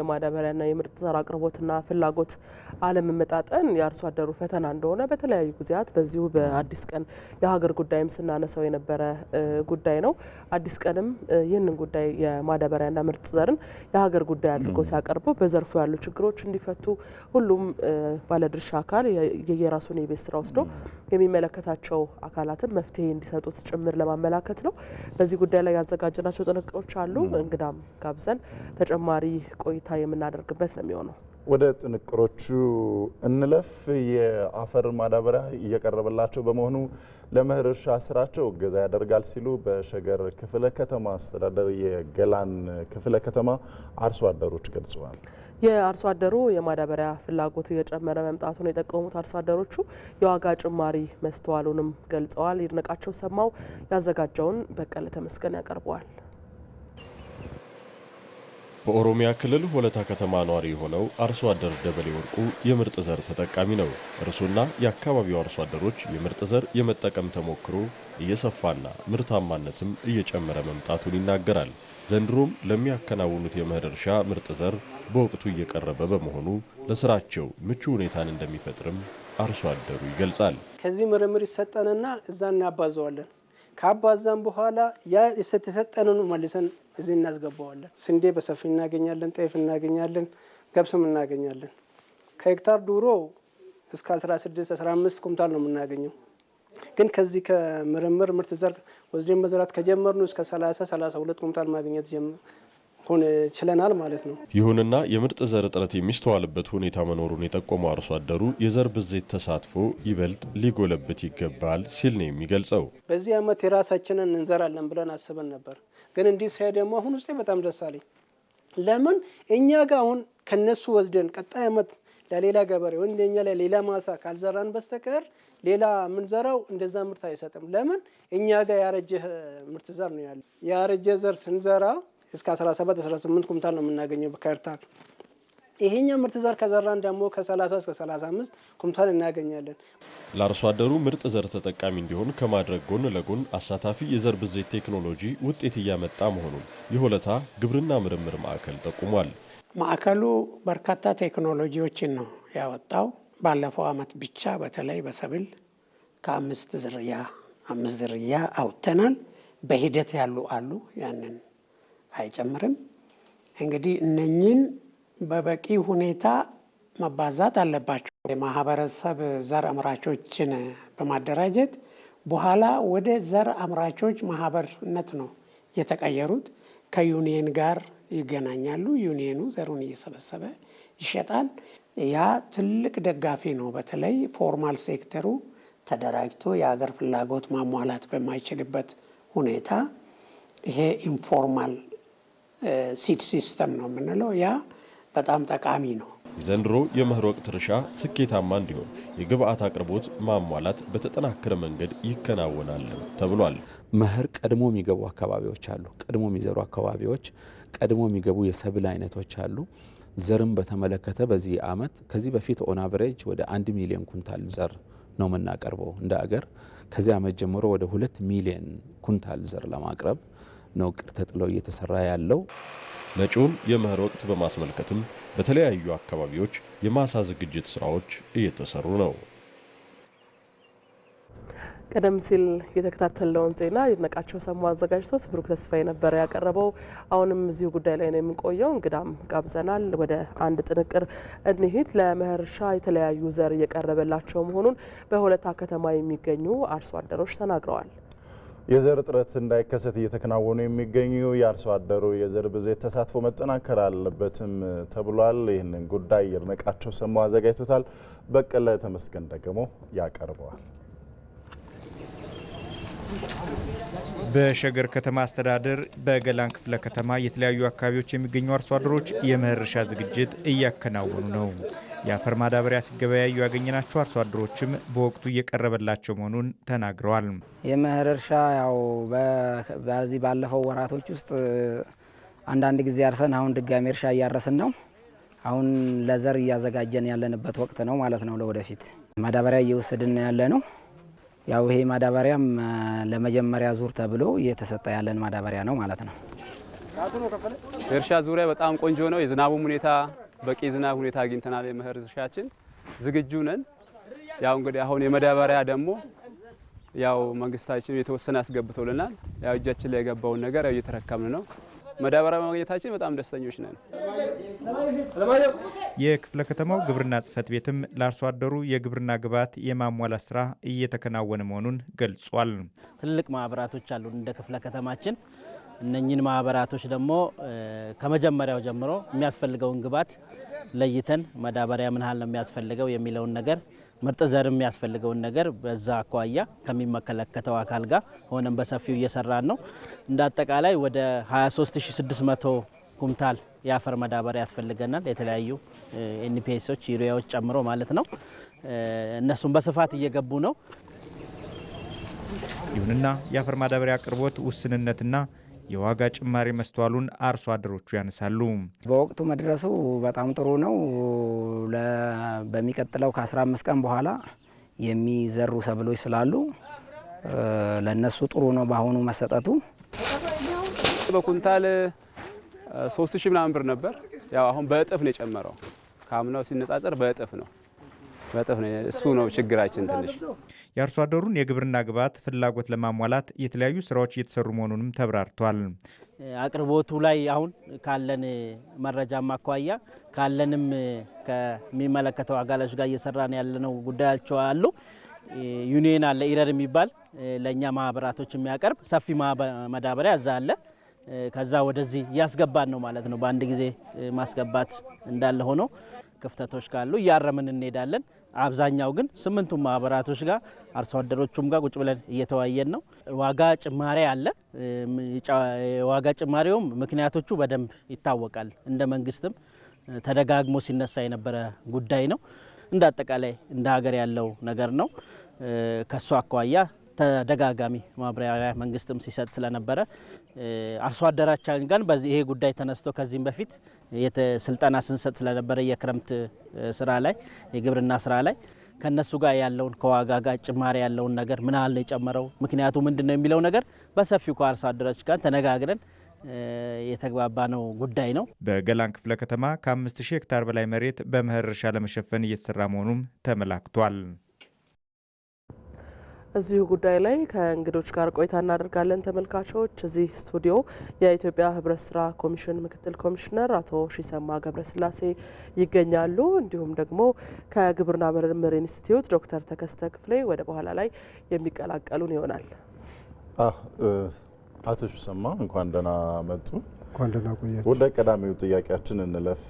የማዳበሪያና የምርጥ ዘር አቅርቦትና ፍላጎት አለመመጣጠን የአርሶ አደሩ ፈተና እንደሆነ በተለያዩ ጊዜያት በዚሁ በአዲስ ቀን የሀገር ጉዳይም ስናነሳው የነበረ ጉዳይ ነው። አዲስ ቀንም ይህንን ጉዳይ የማዳበሪያና ምርጥ ዘርን የሀገር ጉዳይ አድርጎ ሲያቀርቡ በዘርፉ ያሉ ችግሮች እንዲፈቱ ሁሉም ባለድርሻ አካል የየራሱን የቤት ስራ ወስዶ የሚመለከታቸው አካላትን መፍትሄ እንዲሰጡት ጭምር ለማመላከት ነው። በዚህ ጉዳይ ላይ ያዘጋጀናቸው ጥንቅሮች አሉ። እንግዳም ጋብዘን ተጨማሪ ቆይታ እንዲፈታ የምናደርግበት ነው የሚሆነው። ወደ ጥንቅሮቹ እንለፍ። የአፈር ማዳበሪያ እየቀረበላቸው በመሆኑ ለመኸር እርሻ ስራቸው እገዛ ያደርጋል ሲሉ በሸገር ክፍለ ከተማ አስተዳደር የገላን ክፍለ ከተማ አርሶ አደሮች ገልጸዋል። የአርሶ አደሩ የማዳበሪያ ፍላጎት እየጨመረ መምጣቱን የጠቀሙት አርሶ አደሮቹ የዋጋ ጭማሪ መስተዋሉንም ገልጸዋል። ይድነቃቸው ሰማው ያዘጋጀውን በቀለ ተመስገን ያቀርበዋል። በኦሮሚያ ክልል ሆለታ ከተማ ነዋሪ የሆነው አርሶ አደር ደበሌ ወርቁ የምርጥ ዘር ተጠቃሚ ነው። እርሱና የአካባቢው አርሶ አደሮች የምርጥ ዘር የመጠቀም ተሞክሮ እየሰፋና ምርታማነትም እየጨመረ መምጣቱን ይናገራል። ዘንድሮም ለሚያከናውኑት የመኸር እርሻ ምርጥ ዘር በወቅቱ እየቀረበ በመሆኑ ለስራቸው ምቹ ሁኔታን እንደሚፈጥርም አርሶ አደሩ ይገልጻል። ከዚህ ምርምር ይሰጠንና እዛ እናባዘዋለን። ካባዛም በኋላ ያ የሰጠንን መልሰን እዚህ እናስገባዋለን። ስንዴ በሰፊ እናገኛለን፣ ጤፍ እናገኛለን፣ ገብስም እናገኛለን። ከሄክታር ዱሮ እስከ 16 15 ኩንታል ነው የምናገኘው። ግን ከዚህ ከምርምር ምርት ዘር ወስደን መዝራት ከጀመርን እስከ 30 32 ኩንታል ማግኘት ሆነ ችለናል ማለት ነው። ይሁንና የምርጥ ዘር እጥረት የሚስተዋልበት ሁኔታ መኖሩን የጠቆመው አርሶ አደሩ የዘር ብዜት ተሳትፎ ይበልጥ ሊጎለብት ይገባል ሲል ነው የሚገልጸው። በዚህ ዓመት የራሳችንን እንዘራለን ብለን አስበን ነበር። ግን እንዲህ ሳይ ደግሞ አሁን ውስጤ በጣም ደስ አለኝ። ለምን እኛ ጋር አሁን ከነሱ ወስደን ቀጣይ አመት ለሌላ ገበሬ ወይም ለእኛ ለሌላ ማሳ ካልዘራን በስተቀር ሌላ ምንዘራው እንደዛ ምርት አይሰጥም። ለምን እኛ ጋር ያረጀ ምርት ዘር ነው ያለ። ያረጀ ዘር ስንዘራ እስከ 17 18 ኩንታል ነው የምናገኘው በካርታል ይሄኛው ምርጥ ዘር ከዘራን ደግሞ ከ30 እስከ 35 ኩንታል እናገኛለን። ለአርሶ አደሩ ምርጥ ዘር ተጠቃሚ እንዲሆን ከማድረግ ጎን ለጎን አሳታፊ የዘር ብዜት ቴክኖሎጂ ውጤት እያመጣ መሆኑን የሆለታ ግብርና ምርምር ማዕከል ጠቁሟል። ማዕከሉ በርካታ ቴክኖሎጂዎችን ነው ያወጣው። ባለፈው ዓመት ብቻ በተለይ በሰብል ከአምስት ዝርያ አምስት ዝርያ አውጥተናል። በሂደት ያሉ አሉ፣ ያንን አይጨምርም። እንግዲህ እነኚህን በበቂ ሁኔታ መባዛት አለባቸው። የማህበረሰብ ዘር አምራቾችን በማደራጀት በኋላ ወደ ዘር አምራቾች ማህበርነት ነው የተቀየሩት። ከዩኒየን ጋር ይገናኛሉ። ዩኒየኑ ዘሩን እየሰበሰበ ይሸጣል። ያ ትልቅ ደጋፊ ነው። በተለይ ፎርማል ሴክተሩ ተደራጅቶ የሀገር ፍላጎት ማሟላት በማይችልበት ሁኔታ ይሄ ኢንፎርማል ሲድ ሲስተም ነው የምንለው ያ በጣም ጠቃሚ ነው። የዘንድሮ የመኸር ወቅት እርሻ ስኬታማ እንዲሆን የግብአት አቅርቦት ማሟላት በተጠናከረ መንገድ ይከናወናል ተብሏል። መኸር ቀድሞ የሚገቡ አካባቢዎች አሉ። ቀድሞ የሚዘሩ አካባቢዎች፣ ቀድሞ የሚገቡ የሰብል አይነቶች አሉ። ዘርም በተመለከተ በዚህ አመት ከዚህ በፊት ኦን አቨሬጅ ወደ አንድ ሚሊዮን ኩንታል ዘር ነው የምናቀርበው እንደ አገር። ከዚህ አመት ጀምሮ ወደ ሁለት ሚሊዮን ኩንታል ዘር ለማቅረብ ነው እቅድ ተጥሎ እየተሰራ ያለው። መጪውን የመኸር ወቅት በማስመልከትም በተለያዩ አካባቢዎች የማሳ ዝግጅት ስራዎች እየተሰሩ ነው። ቀደም ሲል የተከታተለውን ዜና ይድነቃቸው ሰሙ አዘጋጅቶት ብሩክ ተስፋ ነበረ ያቀረበው። አሁንም እዚሁ ጉዳይ ላይ ነው የምንቆየው። እንግዳም ጋብዘናል። ወደ አንድ ጥንቅር እንሂድ። ለመኸር እርሻ የተለያዩ ዘር እየቀረበላቸው መሆኑን በሆለታ ከተማ የሚገኙ አርሶ አደሮች ተናግረዋል። የዘር እጥረት እንዳይከሰት እየተከናወኑ የሚገኙ የአርሶ አደሩ የዘር ብዜት ተሳትፎ መጠናከር አለበትም ተብሏል። ይህንን ጉዳይ የርነቃቸው ሰሞ አዘጋጅቶታል። በቀለ ተመስገን ደግሞ ያቀርበዋል። በሸገር ከተማ አስተዳደር በገላን ክፍለ ከተማ የተለያዩ አካባቢዎች የሚገኙ አርሶ አደሮች የመኸር እርሻ ዝግጅት እያከናወኑ ነው። የአፈር ማዳበሪያ ሲገበያዩ ያገኘናቸው አርሶ አደሮችም በወቅቱ እየቀረበላቸው መሆኑን ተናግረዋል። የመኸር እርሻ ያው በዚህ ባለፈው ወራቶች ውስጥ አንዳንድ ጊዜ አርሰን አሁን ድጋሜ እርሻ እያረስን ነው። አሁን ለዘር እያዘጋጀን ያለንበት ወቅት ነው ማለት ነው። ለወደፊት ማዳበሪያ እየወሰድን ያለ ነው። ያው ይሄ ማዳበሪያም ለመጀመሪያ ዙር ተብሎ እየተሰጠ ያለን ማዳበሪያ ነው ማለት ነው። እርሻ ዙሪያ በጣም ቆንጆ ነው። የዝናቡም ሁኔታ በቂ ዝናብ ሁኔታ አግኝተናል። የመኸር እርሻችን ዝግጁ ነን። ያው እንግዲህ አሁን የመዳበሪያ ደግሞ ያው መንግስታችን የተወሰነ አስገብቶልናል። ያው እጃችን ላይ የገባውን ነገር ያው እየተረከምን ነው። መዳበሪያ ማግኘታችን በጣም ደስተኞች ነን። የክፍለ ከተማው ግብርና ጽህፈት ቤትም ለአርሶ አደሩ የግብርና ግብዓት የማሟላት ስራ እየተከናወነ መሆኑን ገልጿል። ትልቅ ማህበራቶች አሉን እንደ ክፍለ ከተማችን እነኝን ማህበራቶች ደግሞ ከመጀመሪያው ጀምሮ የሚያስፈልገውን ግብዓት ለይተን መዳበሪያ ምን ያህል ነው የሚያስፈልገው የሚለውን ነገር ምርጥ ዘር የሚያስፈልገውን ነገር በዛ አኳያ ከሚመለከተው አካል ጋር ሆነን በሰፊው እየሰራን ነው። እንደ አጠቃላይ ወደ 23600 ኩምታል የአፈር መዳበሪያ ያስፈልገናል። የተለያዩ ኤንፒኤሶች ዩሪያዎች ጨምሮ ማለት ነው። እነሱም በስፋት እየገቡ ነው። ይሁንና የአፈር ማዳበሪያ አቅርቦት ውስንነትና የዋጋ ጭማሪ መስተዋሉን አርሶ አደሮቹ ያነሳሉ። በወቅቱ መድረሱ በጣም ጥሩ ነው። በሚቀጥለው ከ15 ቀን በኋላ የሚዘሩ ሰብሎች ስላሉ ለእነሱ ጥሩ ነው በአሁኑ መሰጠቱ። በኩንታል ሶስት ሺህ ምናምን ብር ነበር። ያው አሁን በእጥፍ ነው የጨመረው። ከአምናው ሲነጻጸር በእጥፍ ነው። በጥፍ ነው። እሱ ነው ችግራችን ትንሽ። የአርሶ አደሩን የግብርና ግብዓት ፍላጎት ለማሟላት የተለያዩ ስራዎች እየተሰሩ መሆኑንም ተብራርቷል። አቅርቦቱ ላይ አሁን ካለን መረጃም አኳያ ካለንም ከሚመለከተው አጋላሽ ጋር እየሰራን ያለነው ጉዳያቸው አሉ። ዩኒየን አለ ኢረር የሚባል ለእኛ ማህበራቶች የሚያቀርብ ሰፊ ማዳበሪያ እዛ አለ። ከዛ ወደዚህ እያስገባን ነው ማለት ነው። በአንድ ጊዜ ማስገባት እንዳለ ሆኖ ክፍተቶች ካሉ እያረምን እንሄዳለን። አብዛኛው ግን ስምንቱ ማህበራቶች ጋር አርሶ አደሮቹም ጋር ቁጭ ብለን እየተወያየን ነው። ዋጋ ጭማሪ አለ። ዋጋ ጭማሪውም ምክንያቶቹ በደንብ ይታወቃል። እንደ መንግስትም ተደጋግሞ ሲነሳ የነበረ ጉዳይ ነው። እንደ አጠቃላይ እንደ ሀገር ያለው ነገር ነው። ከእሱ አኳያ ተደጋጋሚ ማብራሪያ መንግስትም ሲሰጥ ስለነበረ አርሶ አደራችን ጋር በዚህ ይሄ ጉዳይ ተነስቶ ከዚህም በፊት ስልጠና ስንሰጥ ስለነበረ የክረምት ስራ ላይ የግብርና ስራ ላይ ከነሱ ጋር ያለውን ከዋጋ ጋር ጭማሪ ያለውን ነገር ምን ነው የጨመረው ምክንያቱ ምንድን ነው የሚለው ነገር በሰፊው ከአርሶ አደሮች ጋር ተነጋግረን የተግባባ ነው ጉዳይ ነው። በገላን ክፍለ ከተማ ከ5000 ሄክታር በላይ መሬት በመኸር እርሻ ለመሸፈን እየተሰራ መሆኑም ተመላክቷል። እዚሁ ጉዳይ ላይ ከእንግዶች ጋር ቆይታ እናደርጋለን። ተመልካቾች እዚህ ስቱዲዮ የኢትዮጵያ ህብረት ስራ ኮሚሽን ምክትል ኮሚሽነር አቶ ሺሰማ ገብረስላሴ ይገኛሉ። እንዲሁም ደግሞ ከግብርና ምርምር ኢንስቲትዩት ዶክተር ተከስተ ክፍሌ ወደ በኋላ ላይ የሚቀላቀሉን ይሆናል። አቶ ሺሰማ እንኳን ደህና መጡ። እንኳን ደህና ቆያችሁ። ወደ ቀዳሚው ጥያቄያችን እንለፍ።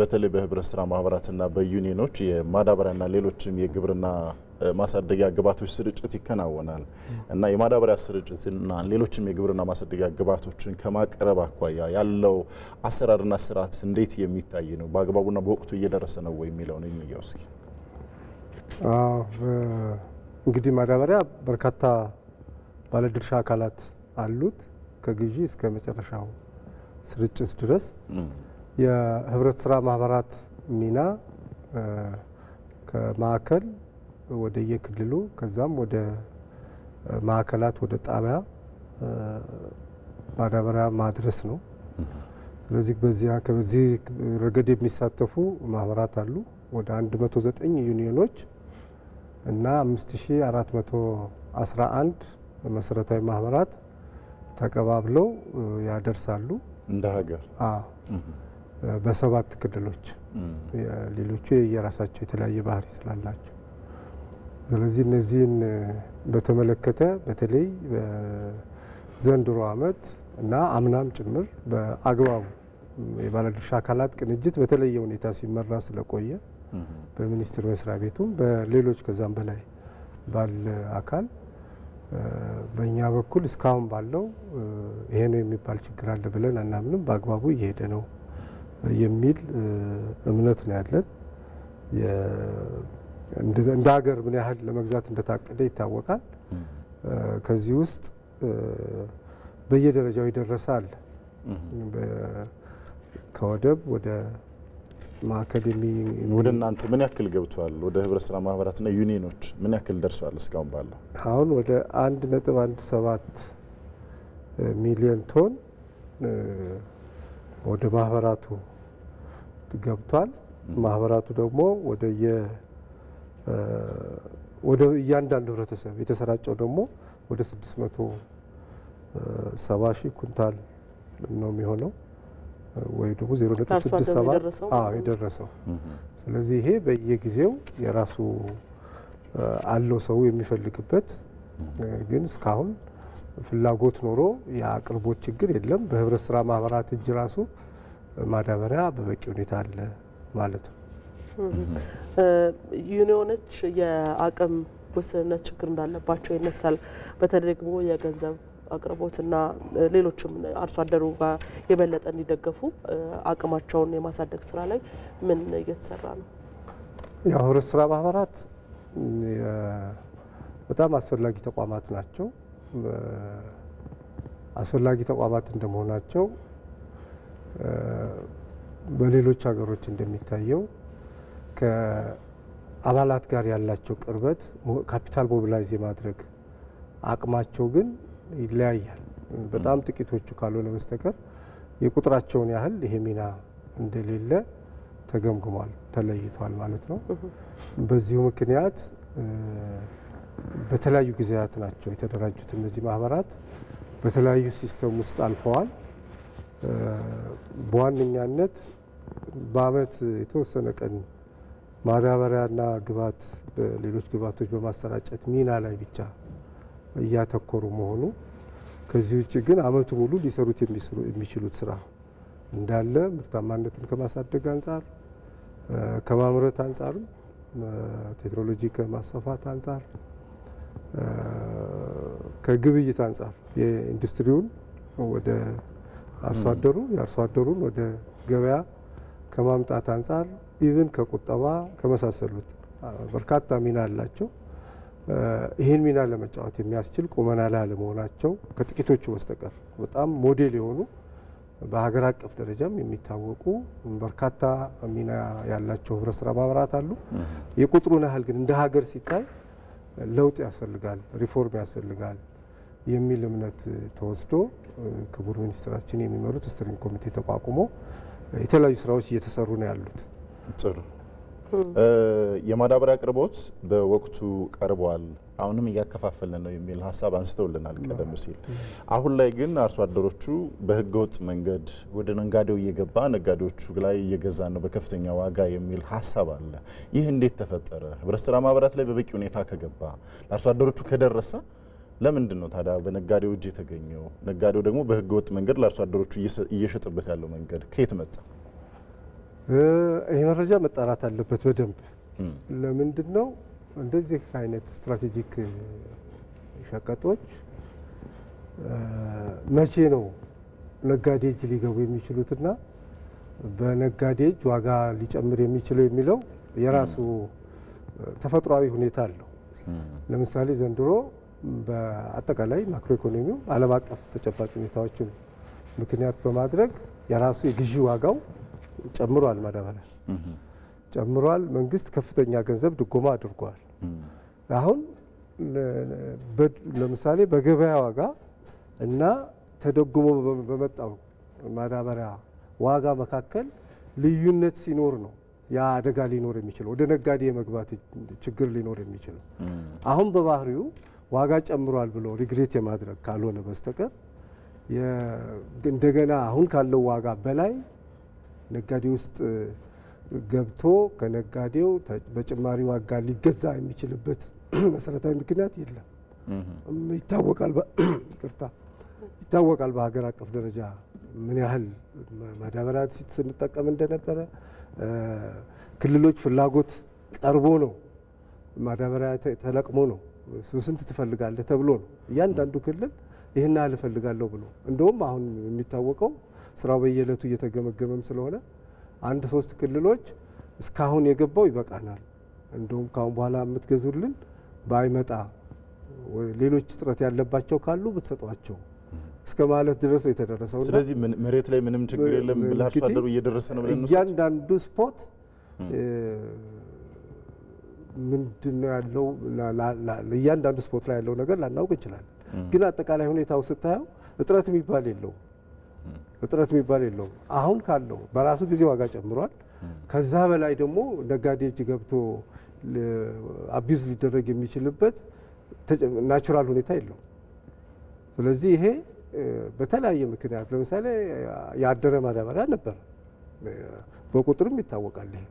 በተለይ በህብረት ስራ ማህበራትና በዩኒየኖች የማዳበሪያና ሌሎችም የግብርና ማሳደጊያ ግባቶች ስርጭት ይከናወናል እና የማዳበሪያ ስርጭትና ሌሎችም የግብርና ማሳደጊያ ግባቶችን ከማቅረብ አኳያ ያለው አሰራርና ስርዓት እንዴት የሚታይ ነው? በአግባቡና በወቅቱ እየደረሰ ነው ወይ የሚለው ነው የሚያው። እስኪ እንግዲህ ማዳበሪያ በርካታ ባለድርሻ አካላት አሉት ከግዢ እስከ መጨረሻው ስርጭት ድረስ የህብረት ስራ ማህበራት ሚና ከማዕከል ወደ የክልሉ ከዛም ወደ ማዕከላት ወደ ጣቢያ ማዳበሪያ ማድረስ ነው። ስለዚህ በዚያ ከዚህ ረገድ የሚሳተፉ ማህበራት አሉ ወደ 109 ዩኒዮኖች እና 5411 መሰረታዊ ማህበራት ተቀባብለው ያደርሳሉ እንደ ሀገር በሰባት ክልሎች ሌሎቹ የራሳቸው የተለያየ ባህሪ ስላላቸው ስለዚህ እነዚህን በተመለከተ በተለይ በዘንድሮ ዓመት እና አምናም ጭምር በአግባቡ የባለድርሻ አካላት ቅንጅት በተለየ ሁኔታ ሲመራ ስለቆየ በሚኒስትር መስሪያ ቤቱም በሌሎች ከዛም በላይ ባለ አካል በእኛ በኩል እስካሁን ባለው ይሄ ነው የሚባል ችግር አለ ብለን አናምንም። በአግባቡ እየሄደ ነው። የሚል እምነት ነው ያለን። እንደ ሀገር ምን ያህል ለመግዛት እንደታቀደ ይታወቃል። ከዚህ ውስጥ በየደረጃው የደረሰ አለ። ከወደብ ወደ ማዕከል ወደ እናንተ ምን ያክል ገብተዋል? ወደ ህብረት ስራ ማህበራትና ዩኒየኖች ምን ያክል ደርሰዋል? እስካሁን ባለው አሁን ወደ አንድ ነጥብ አንድ ሰባት ሚሊዮን ቶን ወደ ማህበራቱ ገብቷል። ማህበራቱ ደግሞ ወደ እያንዳንዱ ህብረተሰብ የተሰራጨው ደግሞ ወደ 670 ሺህ ኩንታል ነው የሚሆነው ወይ ደግሞ 0.67 የደረሰው። ስለዚህ ይሄ በየጊዜው የራሱ አለው ሰው የሚፈልግበት ግን እስካሁን ፍላጎት ኖሮ የአቅርቦት ችግር የለም። በህብረት ስራ ማህበራት እጅ ራሱ ማዳበሪያ በበቂ ሁኔታ አለ ማለት ነው። ዩኒዮኖች የአቅም ውስንነት ችግር እንዳለባቸው ይነሳል። በተለይ ደግሞ የገንዘብ አቅርቦትና ሌሎችም አርሶ አደሩ ጋር የበለጠ እንዲደገፉ አቅማቸውን የማሳደግ ስራ ላይ ምን እየተሰራ ነው? የህብረት ስራ ማህበራት በጣም አስፈላጊ ተቋማት ናቸው። አስፈላጊ ተቋማት እንደመሆናቸው በሌሎች ሀገሮች እንደሚታየው ከአባላት ጋር ያላቸው ቅርበት ካፒታል ሞቢላይዝ የማድረግ አቅማቸው ግን ይለያያል። በጣም ጥቂቶቹ ካልሆነ በስተቀር የቁጥራቸውን ያህል ይሄ ሚና እንደሌለ ተገምግሟል፣ ተለይቷል ማለት ነው። በዚሁ ምክንያት በተለያዩ ጊዜያት ናቸው የተደራጁት እነዚህ ማህበራት በተለያዩ ሲስተም ውስጥ አልፈዋል። በዋነኛነት በአመት የተወሰነ ቀን ማዳበሪያና ግብዓት በሌሎች ግብዓቶች በማሰራጨት ሚና ላይ ብቻ እያተኮሩ መሆኑ ከዚህ ውጭ ግን አመቱ ሙሉ ሊሰሩት የሚችሉት ስራ እንዳለ ምርታማነትን ከማሳደግ አንጻር ከማምረት አንጻርም ቴክኖሎጂ ከማስፋፋት አንጻር ከግብይት አንጻር የኢንዱስትሪውን ወደ አርሶ አደሩ የአርሶ አደሩን ወደ ገበያ ከማምጣት አንጻር ኢቭን ከቁጠባ ከመሳሰሉት በርካታ ሚና አላቸው። ይህን ሚና ለመጫወት የሚያስችል ቁመና ላይ አለመሆናቸው ከጥቂቶቹ በስተቀር በጣም ሞዴል የሆኑ በሀገር አቀፍ ደረጃም የሚታወቁ በርካታ ሚና ያላቸው ህብረት ስራ ማህበራት አሉ። የቁጥሩን ያህል ግን እንደ ሀገር ሲታይ ለውጥ ያስፈልጋል፣ ሪፎርም ያስፈልጋል። የሚል እምነት ተወስዶ ክቡር ሚኒስትራችን የሚመሩት ስትሪንግ ኮሚቴ ተቋቁሞ የተለያዩ ስራዎች እየተሰሩ ነው ያሉት። ጥሩ የማዳበሪያ አቅርቦት በወቅቱ ቀርቧል፣ አሁንም እያከፋፈልን ነው የሚል ሀሳብ አንስተውልናል ቀደም ሲል። አሁን ላይ ግን አርሶ አደሮቹ በህገወጥ መንገድ ወደ ነጋዴው እየገባ ነጋዴዎቹ ላይ እየገዛ ነው በከፍተኛ ዋጋ የሚል ሀሳብ አለ። ይህ እንዴት ተፈጠረ? ህብረት ስራ ማህበራት ላይ በበቂ ሁኔታ ከገባ ለአርሶ አደሮቹ ከደረሰ ለምንድን ነው ታዲያ በነጋዴው እጅ የተገኘው? ነጋዴው ደግሞ በህገወጥ መንገድ ለአርሶ አደሮቹ እየሸጠበት ያለው መንገድ ከየት መጣ? ይህ መረጃ መጣራት አለበት በደንብ ለምንድን ነው እንደዚህ አይነት ስትራቴጂክ ሸቀጦች መቼ ነው ነጋዴ እጅ ሊገቡ የሚችሉትና በነጋዴ እጅ ዋጋ ሊጨምር የሚችለው የሚለው የራሱ ተፈጥሯዊ ሁኔታ አለው። ለምሳሌ ዘንድሮ በአጠቃላይ ማክሮ ኢኮኖሚው ዓለም አቀፍ ተጨባጭ ሁኔታዎችን ምክንያት በማድረግ የራሱ የግዢ ዋጋው ጨምሯል። ማዳበሪያ ጨምሯል። መንግስት ከፍተኛ ገንዘብ ድጎማ አድርጓል። አሁን ለምሳሌ በገበያ ዋጋ እና ተደጉሞ በመጣው ማዳበሪያ ዋጋ መካከል ልዩነት ሲኖር ነው ያ አደጋ ሊኖር የሚችለው ወደ ነጋዴ የመግባት ችግር ሊኖር የሚችለው አሁን በባህሪው ዋጋ ጨምሯል ብሎ ሪግሬት የማድረግ ካልሆነ በስተቀር እንደገና አሁን ካለው ዋጋ በላይ ነጋዴ ውስጥ ገብቶ ከነጋዴው በጭማሪ ዋጋ ሊገዛ የሚችልበት መሰረታዊ ምክንያት የለም። ይታወቃል ቅርታ ይታወቃል በሀገር አቀፍ ደረጃ ምን ያህል ማዳበሪያ ስንጠቀም እንደነበረ ክልሎች ፍላጎት ቀርቦ ነው ማዳበሪያ ተለቅሞ ነው ስንት ትፈልጋለህ ተብሎ ነው እያንዳንዱ ክልል ይህን ያህል እፈልጋለሁ ብሎ እንደውም አሁን የሚታወቀው ስራው በየዕለቱ እየተገመገመም ስለሆነ አንድ ሶስት ክልሎች እስካሁን የገባው ይበቃናል፣ እንደውም ካሁን በኋላ የምትገዙልን ባይመጣ ሌሎች እጥረት ያለባቸው ካሉ ብትሰጧቸው እስከ ማለት ድረስ ነው የተደረሰው። ስለዚህ መሬት ላይ ምንም ችግር የለም፣ ለአርሶ አደሩ እየደረሰ ነው። እያንዳንዱ ስፖት ምንድን ነው ያለው እያንዳንዱ ስፖርት ላይ ያለው ነገር ላናውቅ እንችላለን። ግን አጠቃላይ ሁኔታው ስታየው እጥረት የሚባል የለውም። እጥረት የሚባል የለውም። አሁን ካለው በራሱ ጊዜ ዋጋ ጨምሯል። ከዛ በላይ ደግሞ ነጋዴ እጅ ገብቶ አቢዝ ሊደረግ የሚችልበት ናቹራል ሁኔታ የለውም። ስለዚህ ይሄ በተለያየ ምክንያት ለምሳሌ ያደረ ማዳበሪያ ነበር በቁጥርም ይታወቃል ይሄ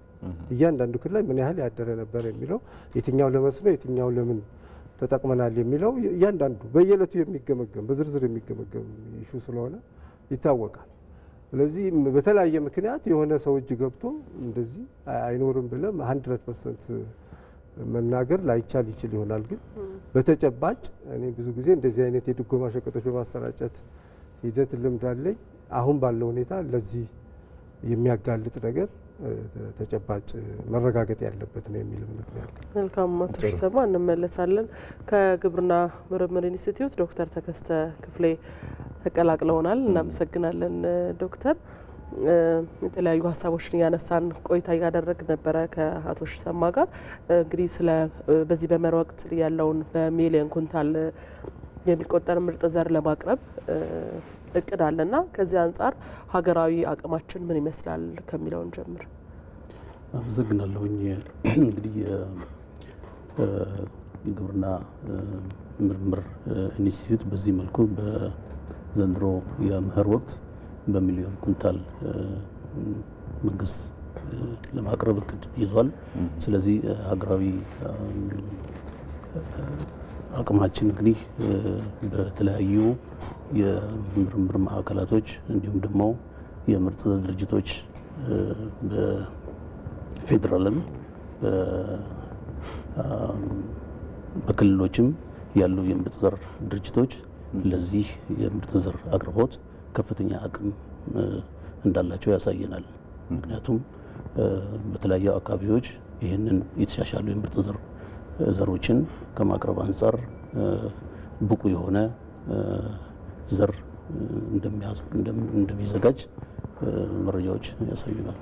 እያንዳንዱ ክልል ላይ ምን ያህል ያደረ ነበር የሚለው የትኛው ለመስኖ የትኛው ለምን ተጠቅመናል የሚለው እያንዳንዱ በየዕለቱ የሚገመገም በዝርዝር የሚገመገም ይሹ ስለሆነ ይታወቃል። ስለዚህ በተለያየ ምክንያት የሆነ ሰው እጅ ገብቶ እንደዚህ አይኖርም ብለም ሀንድረድ ፐርሰንት መናገር ላይቻል ይችል ይሆናል። ግን በተጨባጭ እኔ ብዙ ጊዜ እንደዚህ አይነት የድጎማ ሸቀጦች በማሰራጨት ሂደት ልምድ አለኝ። አሁን ባለው ሁኔታ ለዚህ የሚያጋልጥ ነገር ተጨባጭ መረጋገጥ ያለበት ነው የሚል እምነት ነው ያለው። መልካም አቶ ሰማ እንመለሳለን። ከግብርና ምርምር ኢንስቲትዩት ዶክተር ተከስተ ክፍሌ ተቀላቅለውናል። እናመሰግናለን ዶክተር። የተለያዩ ሀሳቦችን እያነሳን ቆይታ እያደረግ ነበረ ከአቶ ሽሰማ ጋር እንግዲህ ስለ በዚህ በመር ወቅት ያለውን በሚሊዮን ኩንታል የሚቆጠር ምርጥ ዘር ለማቅረብ እቅድ አለና ከዚህ አንጻር ሀገራዊ አቅማችን ምን ይመስላል ከሚለውን ጀምር። አመሰግናለሁኝ። እንግዲህ የግብርና ምርምር ኢንስቲትዩት በዚህ መልኩ በዘንድሮ የምህር ወቅት በሚሊዮን ኩንታል መንግስት ለማቅረብ እቅድ ይዟል። ስለዚህ ሀገራዊ አቅማችን እንግዲህ በተለያዩ የምርምር ማዕከላቶች እንዲሁም ደግሞ የምርጥ ድርጅቶች በፌዴራልም በክልሎችም ያሉ የምርጥ ዘር ድርጅቶች ለዚህ የምርጥ ዘር አቅርቦት ከፍተኛ አቅም እንዳላቸው ያሳየናል። ምክንያቱም በተለያዩ አካባቢዎች ይህንን የተሻሻሉ የምርጥ ዘር ዘሮችን ከማቅረብ አንጻር ብቁ የሆነ ዘር እንደሚዘጋጅ መረጃዎች ያሳዩናል።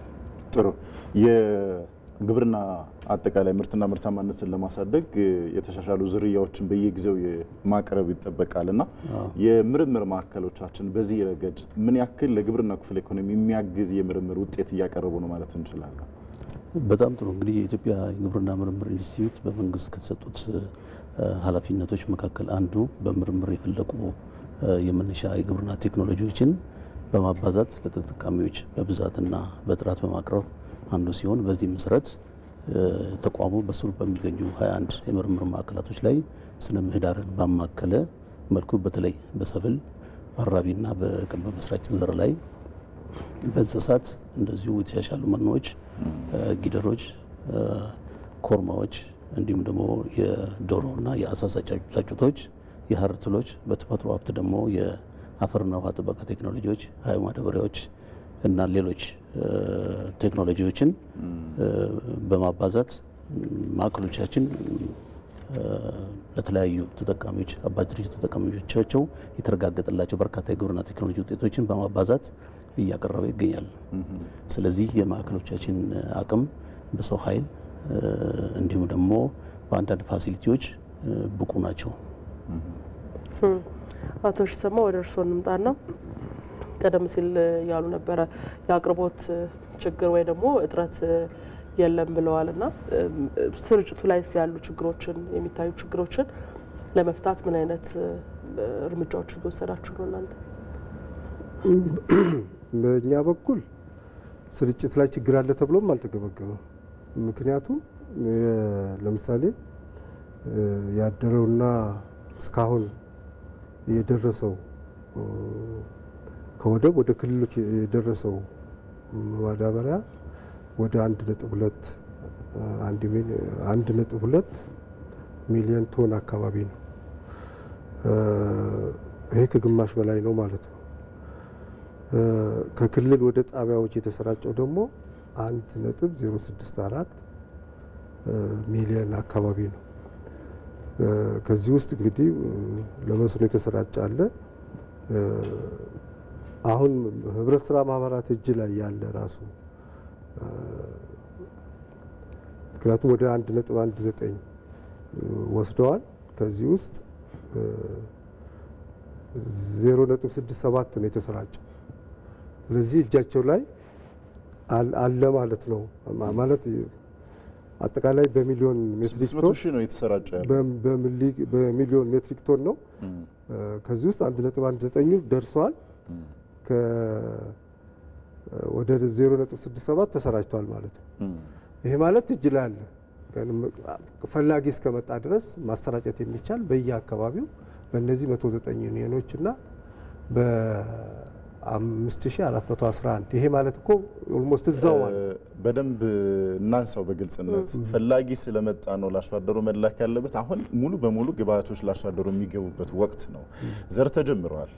ጥሩ። የግብርና አጠቃላይ ምርትና ምርታማነትን ለማሳደግ የተሻሻሉ ዝርያዎችን በየጊዜው ማቅረብ ይጠበቃል እና የምርምር ማዕከሎቻችን በዚህ ረገድ ምን ያክል ለግብርና ክፍለ ኢኮኖሚ የሚያግዝ የምርምር ውጤት እያቀረቡ ነው ማለት እንችላለን? በጣም ጥሩ እንግዲህ የኢትዮጵያ የግብርና ምርምር ኢንስቲትዩት በመንግስት ከተሰጡት ኃላፊነቶች መካከል አንዱ በምርምር የፈለቁ የመነሻ የግብርና ቴክኖሎጂዎችን በማባዛት ለተጠቃሚዎች በብዛትና በጥራት በማቅረብ አንዱ ሲሆን በዚህ መሰረት ተቋሙ በስሩ በሚገኙ 21 የምርምር ማዕከላቶች ላይ ስነ ምህዳርን ባማከለ መልኩ በተለይ በሰብል በአራቢና በቅድመ መስራጭ ዘር ላይ በእንስሳት እንደዚሁ የተሻሻሉ መኖዎች ጊደሮች፣ ኮርማዎች እንዲሁም ደግሞ የዶሮና የአሳ ጫጩቶች፣ የሀር ትሎች፣ በተፈጥሮ ሀብት ደግሞ የአፈርና ውሃ ጥበቃ ቴክኖሎጂዎች፣ ሀይ ማዳበሪያዎች እና ሌሎች ቴክኖሎጂዎችን በማባዛት ማዕከሎቻችን ለተለያዩ ተጠቃሚዎች አባት ድርጅት ተጠቃሚዎቻቸው የተረጋገጠላቸው በርካታ የግብርና ቴክኖሎጂ ውጤቶችን በማባዛት እያቀረበ ይገኛል። ስለዚህ የማዕከሎቻችን አቅም በሰው ኃይል እንዲሁም ደግሞ በአንዳንድ ፋሲሊቲዎች ብቁ ናቸው። አቶ ሽሰማ ወደ እርስዎ እንምጣና ቀደም ሲል ያሉ ነበረ የአቅርቦት ችግር ወይ ደግሞ እጥረት የለም ብለዋል እና ስርጭቱ ላይ ያሉ ችግሮችን የሚታዩ ችግሮችን ለመፍታት ምን አይነት እርምጃዎችን እየወሰዳችሁ ነው እናንተ? በእኛ በኩል ስርጭት ላይ ችግር አለ ተብሎም አልተገመገመም። ምክንያቱም ለምሳሌ ያደረውና እስካሁን የደረሰው ከወደብ ወደ ክልሎች የደረሰው ማዳበሪያ ወደ አንድ ነጥብ ሁለት አንድ ነጥብ ሁለት ሚሊዮን ቶን አካባቢ ነው። ይሄ ከግማሽ በላይ ነው ማለት ነው። ከክልል ወደ ጣቢያዎች የተሰራጨው ደግሞ አንድ ነጥብ ዜሮ ስድስት አራት ሚሊዮን አካባቢ ነው። ከዚህ ውስጥ እንግዲህ ለመስኖ የተሰራጨ አለ። አሁን ህብረት ስራ ማህበራት እጅ ላይ ያለ ራሱ ምክንያቱም ወደ አንድ ነጥብ አንድ ዘጠኝ ወስደዋል። ከዚህ ውስጥ ዜሮ ነጥብ ስድስት ሰባት ነው የተሰራጨው። ስለዚህ እጃቸው ላይ አለ ማለት ነው። ማለት አጠቃላይ በሚሊዮን ሜትሪክ ቶን ነው የተሰራጨ በሚሊዮን ሜትሪክ ቶን ነው። ከዚህ ውስጥ 1.19ኙ ደርሷል። ወደ 0.67 ተሰራጭቷል ማለት ነው። ይሄ ማለት እጅ ላይ አለ። ፈላጊ እስከመጣ ድረስ ማሰራጨት የሚቻል በየአካባቢው በእነዚህ 109 ዩኒየኖች እና 5411 ይሄ ማለት እኮ ኦልሞስት እዛው ማለት በደንብ እናንሳው በግልጽነት ፈላጊ ስለመጣ ነው ለአርሶ አደሩ መላክ ያለበት። አሁን ሙሉ በሙሉ ግብአቶች ለአርሶ አደሩ የሚገቡበት ወቅት ነው። ዘር ተጀምረዋል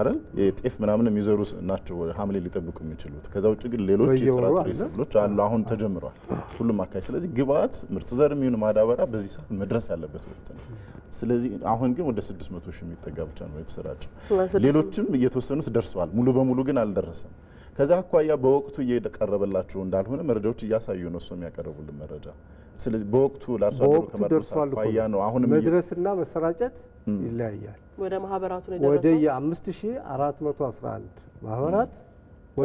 አይደል? የጤፍ ምናምን የሚዘሩ ናቸው ሐምሌ ሊጠብቁ የሚችሉት። ከዛ ውጭ ግን ሌሎች የጥራጥሬ ሰብሎች አሉ፣ አሁን ተጀምረዋል ሁሉም አካባቢ። ስለዚህ ግብአት ምርጥ ዘር የሚሆን ማዳበሪያ በዚህ ሰዓት መድረስ ያለበት ወቅት ነው። ስለዚህ አሁን ግን ወደ 600 ሺህ የሚጠጋ ብቻ ነው የተሰራጨው። ሌሎችም እየተወሰኑት ደርሰዋል፣ ሙሉ በሙሉ ግን አልደረሰም። ከዛ አኳያ በወቅቱ እየቀረበላቸው እንዳልሆነ መረጃዎች እያሳዩ ነው፣ እሱም ያቀረቡልን መረጃ። ስለዚህ በወቅቱ ለአርሶ አደሩ ከመድረስ አኳያ ነው አሁን መድረስና መሰራጨት ይለያያል። ወደ ማህበራቱ ወደ የ5411 ማህበራት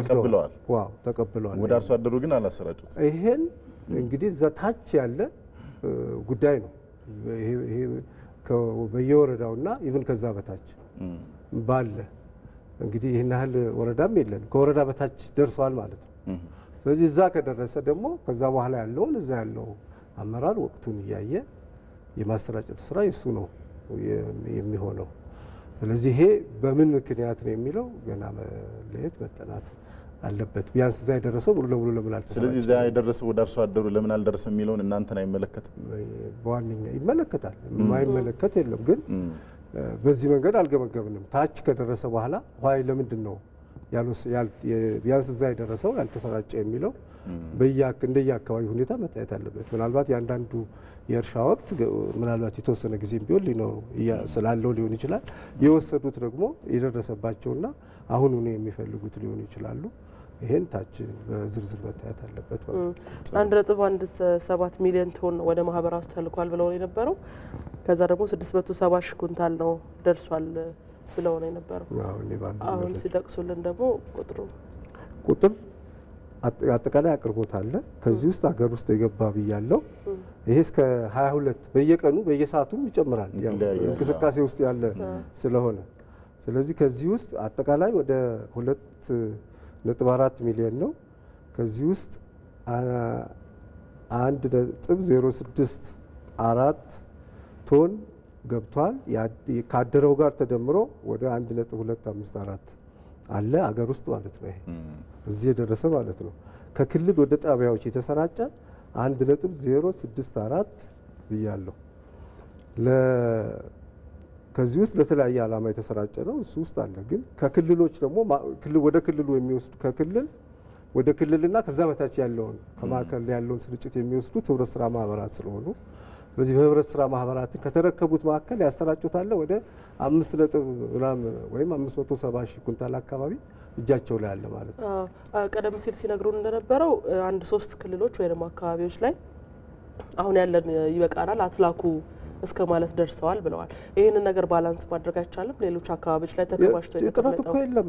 ተቀብለዋል። ዋው ተቀብለዋል። ወደ አርሶ አደሩ ግን አላሰራጩት። ይሄን እንግዲህ ዘታች ያለ ጉዳይ ነው ይሄ በየወረዳውና ኢቭን ከዛ በታች ባለ እንግዲህ ይህን ያህል ወረዳም የለን ከወረዳ በታች ደርሰዋል ማለት ነው። ስለዚህ እዛ ከደረሰ ደግሞ ከዛ በኋላ ያለውን እዛ ያለው አመራር ወቅቱን እያየ የማሰራጨቱ ስራ የሱ ነው የሚሆነው። ስለዚህ ይሄ በምን ምክንያት ነው የሚለው ገና መለየት መጠናት አለበት። ቢያንስ እዛ የደረሰው ሙሉ ለሙሉ ለምን አልተሰራጨም? ስለዚህ እዛ የደረሰው ወደ አርሶ አደሩ ለምን አልደረሰ የሚለውን እናንተን አይመለከትም? በዋነኛ ይመለከታል፣ የማይመለከት የለም። ግን በዚህ መንገድ አልገመገብንም። ታች ከደረሰ በኋላ ይ ለምንድን ነው ቢያንስ እዛ የደረሰው ያልተሰራጨ የሚለው እንደየአካባቢ ሁኔታ መታየት አለበት። ምናልባት የአንዳንዱ የእርሻ ወቅት ምናልባት የተወሰነ ጊዜም ቢሆን ሊኖረው ስላለው ሊሆን ይችላል። የወሰዱት ደግሞ የደረሰባቸውና አሁን ሁኔ የሚፈልጉት ሊሆኑ ይችላሉ። ይሄን ታች በዝርዝር መታየት አለበት። አንድ ነጥብ አንድ ሰባት ሚሊዮን ቶን ወደ ማህበራቱ ተልኳል ብለው ነው የነበረው። ከዛ ደግሞ ስድስት መቶ ሰባ ሺ ኩንታል ነው ደርሷል ብለው ነው የነበረው። አሁን ሲጠቅሱልን ደግሞ ቁጥሩ ቁጥር አጠቃላይ አቅርቦት አለ። ከዚህ ውስጥ ሀገር ውስጥ የገባ ብያለው። ይሄ እስከ 22 በየቀኑ በየሰዓቱ ይጨምራል፣ እንቅስቃሴ ውስጥ ያለ ስለሆነ ስለዚህ ከዚህ ውስጥ አጠቃላይ ወደ 2.4 ሚሊዮን ነው። ከዚህ ውስጥ ነጥብ 1.06 አራት ቶን ገብቷል። ካደረው ጋር ተደምሮ ወደ 1.254 አለ አገር ውስጥ ማለት ነው። ይሄ እዚህ የደረሰ ማለት ነው። ከክልል ወደ ጣቢያዎች የተሰራጨ አንድ ነጥብ ዜሮ ስድስት አራት ብያለሁ። ከዚህ ውስጥ ለተለያየ ዓላማ የተሰራጨ ነው። እሱ ውስጥ አለ። ግን ከክልሎች ደግሞ ወደ ክልሉ የሚወስዱ ከክልል ወደ ክልልና ከዛ በታች ያለውን ከማዕከል ያለውን ስርጭት የሚወስዱ ህብረት ስራ ማህበራት ስለሆኑ በዚህ በህብረት ስራ ማህበራት ከተረከቡት መካከል ያሰራጩታለ ወደ አምስት ነጥብ ምናምን ወይም አምስት መቶ ሰባ ሺህ ኩንታል አካባቢ እጃቸው ላይ አለ ማለት ነው። ቀደም ሲል ሲነግሩን እንደነበረው አንድ ሶስት ክልሎች ወይም አካባቢዎች ላይ አሁን ያለን ይበቃናል አትላኩ እስከ ማለት ደርሰዋል ብለዋል። ይህንን ነገር ባላንስ ማድረግ አይቻልም? ሌሎች አካባቢዎች ላይ ተከባሽቶ ጥረት እኮ የለም።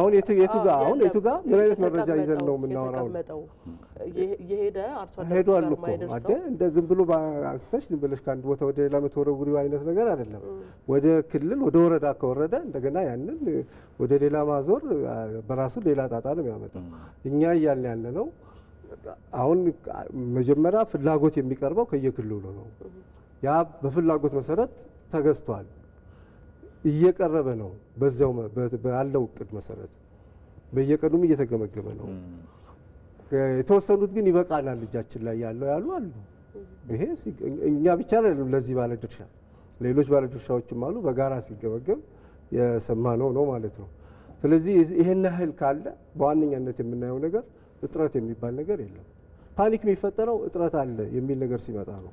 አሁን የቱ ጋ አሁን የቱ ጋ ምን አይነት መረጃ ይዘን ነው የምናወራው? የሄደ ሄዷል እኮ አደ እንደ ዝም ብሎ አንስተሽ ዝም ብለሽ ከአንድ ቦታ ወደ ሌላ መተወረውሪ አይነት ነገር አይደለም። ወደ ክልል ወደ ወረዳ ከወረደ እንደገና ያንን ወደ ሌላ ማዞር በራሱ ሌላ ጣጣ ነው የሚያመጣው። እኛ እያልን ያለ ነው አሁን መጀመሪያ ፍላጎት የሚቀርበው ከየክልሉ ነው። ያ በፍላጎት መሰረት ተገዝቷል፣ እየቀረበ ነው። በዚያው ባለው እቅድ መሰረት በየቀኑም እየተገመገመ ነው። የተወሰኑት ግን ይበቃናል ልጃችን ላይ ያለው ያሉ አሉ። ይሄ እኛ ብቻ አይደለም፣ ለዚህ ባለድርሻ ሌሎች ባለድርሻዎችም አሉ። በጋራ ሲገመገም የሰማነው ነው ማለት ነው። ስለዚህ ይሄን ያህል ካለ በዋነኛነት የምናየው ነገር እጥረት የሚባል ነገር የለም። ፓኒክ የሚፈጠረው እጥረት አለ የሚል ነገር ሲመጣ ነው።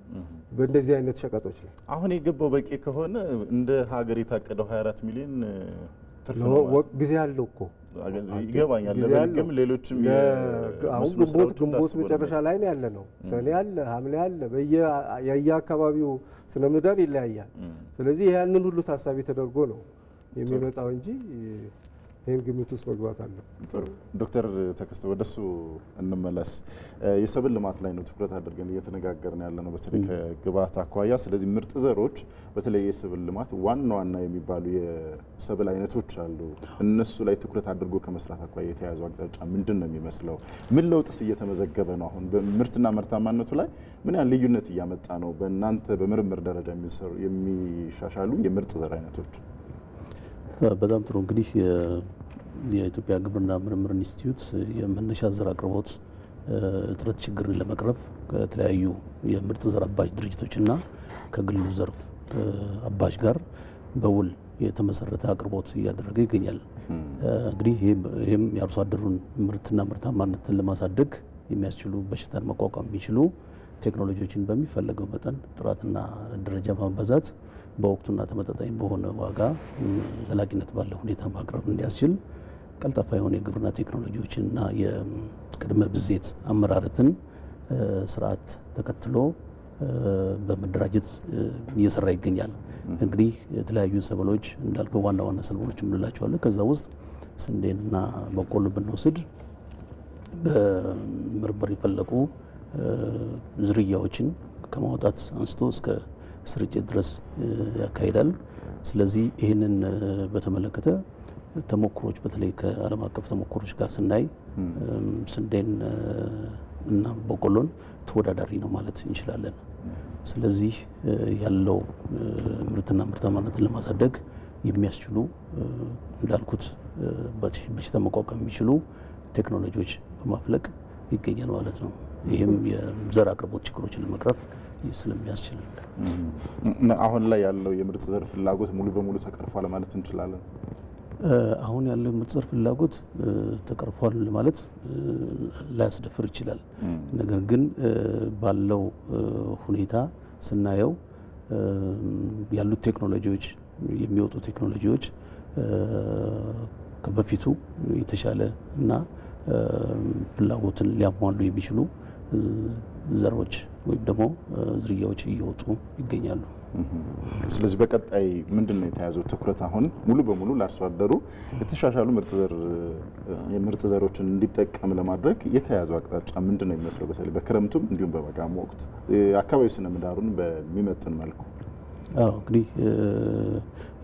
በእንደዚህ አይነት ሸቀጦች ላይ አሁን የገባው በቂ ከሆነ እንደ ሀገር የታቀደው 24 ሚሊዮን ጊዜ አለው እኮ ይገባኛል። ሌሎችም አሁን ግንቦት ግንቦት መጨረሻ ላይ ነው ያለ ነው። ሰኔ አለ፣ ሐምሌ አለ። አካባቢው ስነ ምህዳር ይለያያል። ስለዚህ ያንን ሁሉ ታሳቢ ተደርጎ ነው የሚመጣው እንጂ ይህን ግምት ውስጥ መግባት አለ። ጥሩ ዶክተር ተከስተ ወደሱ እንመለስ። የሰብል ልማት ላይ ነው ትኩረት አድርገን እየተነጋገርን ያለ ነው፣ በተለይ ከግብዓት አኳያ። ስለዚህ ምርጥ ዘሮች፣ በተለይ የሰብል ልማት ዋና ዋና የሚባሉ የሰብል አይነቶች አሉ። እነሱ ላይ ትኩረት አድርጎ ከመስራት አኳያ የተያዙ አቅጣጫ ምንድን ነው የሚመስለው? ምን ለውጥስ እየተመዘገበ ነው? አሁን በምርትና ምርታማነቱ ላይ ምን ያህል ልዩነት እያመጣ ነው? በእናንተ በምርምር ደረጃ የሚሻሻሉ የምርጥ ዘር አይነቶች በጣም ጥሩ እንግዲህ የኢትዮጵያ ግብርና ምርምር ኢንስቲትዩት የመነሻ ዘር አቅርቦት እጥረት ችግርን ለመቅረብ ከተለያዩ የምርጥ ዘር አባጅ ድርጅቶችና ከግሉ ዘርፍ አባጅ ጋር በውል የተመሰረተ አቅርቦት እያደረገ ይገኛል። እንግዲህ ይህም የአርሶ አደሩን ምርትና ምርታማነትን ለማሳደግ የሚያስችሉ በሽታን መቋቋም የሚችሉ ቴክኖሎጂዎችን በሚፈለገው መጠን ጥራትና ደረጃ ማባዛት በወቅቱና ተመጣጣኝ በሆነ ዋጋ ዘላቂነት ባለው ሁኔታ ማቅረብ እንዲያስችል ቀልጣፋ የሆነ የግብርና ቴክኖሎጂዎችንና የቅድመ ብዜት አመራረትን ስርዓት ተከትሎ በመደራጀት እየሰራ ይገኛል። እንግዲህ የተለያዩ ሰብሎች እንዳልከው ዋና ዋና ሰብሎች የምንላቸዋለን። ከዛ ውስጥ ስንዴና በቆሎ ብንወስድ በምርምር የፈለቁ ዝርያዎችን ከማውጣት አንስቶ እስከ ስርጭት ድረስ ያካሂዳል። ስለዚህ ይህንን በተመለከተ ተሞክሮች በተለይ ከዓለም አቀፍ ተሞክሮች ጋር ስናይ ስንዴን እና በቆሎን ተወዳዳሪ ነው ማለት እንችላለን። ስለዚህ ያለው ምርትና ምርታማነትን ለማሳደግ የሚያስችሉ እንዳልኩት በሽታ መቋቋም የሚችሉ ቴክኖሎጂዎች በማፍለቅ ይገኛል ማለት ነው። ይህም የዘር አቅርቦት ችግሮችን ለመቅረፍ ስለሚያስችል አሁን ላይ ያለው የምርጥ ዘር ፍላጎት ሙሉ በሙሉ ተቀርፏል ማለት እንችላለን። አሁን ያለው የምርጥ ዘር ፍላጎት ተቀርፏል ማለት ላያስደፍር ይችላል። ነገር ግን ባለው ሁኔታ ስናየው ያሉት ቴክኖሎጂዎች የሚወጡ ቴክኖሎጂዎች በፊቱ የተሻለ እና ፍላጎትን ሊያሟሉ የሚችሉ ዘሮች ወይም ደግሞ ዝርያዎች እየወጡ ይገኛሉ። ስለዚህ በቀጣይ ምንድን ነው የተያዘው ትኩረት? አሁን ሙሉ በሙሉ ለአርሶ አደሩ የተሻሻሉ ምርጥ ዘሮችን እንዲጠቀም ለማድረግ የተያዘው አቅጣጫ ምንድን ነው የሚመስለው? በተለይ በክረምቱም እንዲሁም በበጋም ወቅት አካባቢ ስነ ምህዳሩን በሚመጥን መልኩ አዎ እንግዲህ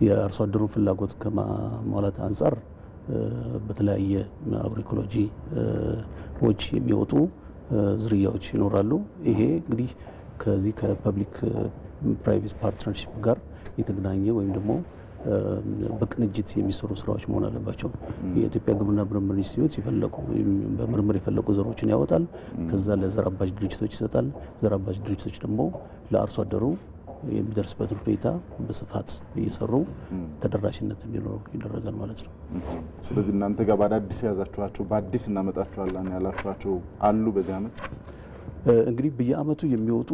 የአርሶ አደሩን ፍላጎት ከማሟላት አንጻር በተለያየ አግሮ ኢኮሎጂዎች የሚወጡ ዝርያዎች ይኖራሉ። ይሄ እንግዲህ ከዚህ ከፐብሊክ ፕራይቬት ፓርትነርሽፕ ጋር የተገናኘ ወይም ደግሞ በቅንጅት የሚሰሩ ስራዎች መሆን አለባቸው። የኢትዮጵያ ግብርና ምርምር ኢንስቲትዩት የፈለቁ በምርምር የፈለቁ ዘሮችን ያወጣል። ከዛ ለዘር አባጅ ድርጅቶች ይሰጣል። ዘር አባጅ ድርጅቶች ደግሞ ለአርሶ አደሩ የሚደርስበትን ሁኔታ በስፋት እየሰሩ ተደራሽነት እንዲኖረው ይደረጋል ማለት ነው። ስለዚህ እናንተ ጋር በአዳዲስ የያዛችኋቸው በአዲስ እናመጣችኋለን ያላችኋቸው አሉ በዚህ ዓመት እንግዲህ በየአመቱ የሚወጡ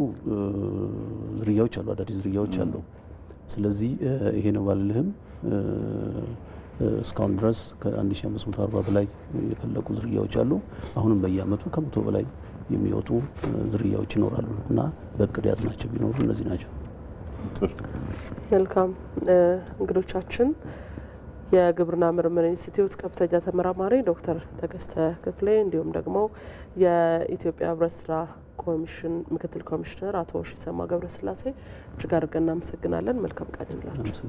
ዝርያዎች አሉ፣ አዳዲስ ዝርያዎች አሉ። ስለዚህ ይሄ ነው ባልልህም እስካሁን ድረስ ከ1540 በላይ የፈለቁ ዝርያዎች አሉ። አሁንም በየአመቱ ከመቶ በላይ የሚወጡ ዝርያዎች ይኖራሉ እና በእቅድ ያዝናቸው ቢኖሩ እነዚህ ናቸው። መልካም እንግዶቻችን የግብርና ምርምር ኢንስቲትዩት ከፍተኛ ተመራማሪ ዶክተር ተገስተ ክፍሌ እንዲሁም ደግሞ የኢትዮጵያ ህብረት ስራ ኮሚሽን ምክትል ኮሚሽነር አቶ ሺሰማ ገብረስላሴ እጅግ አድርገን እናመሰግናለን። መልካም ቃል እንላችሁ።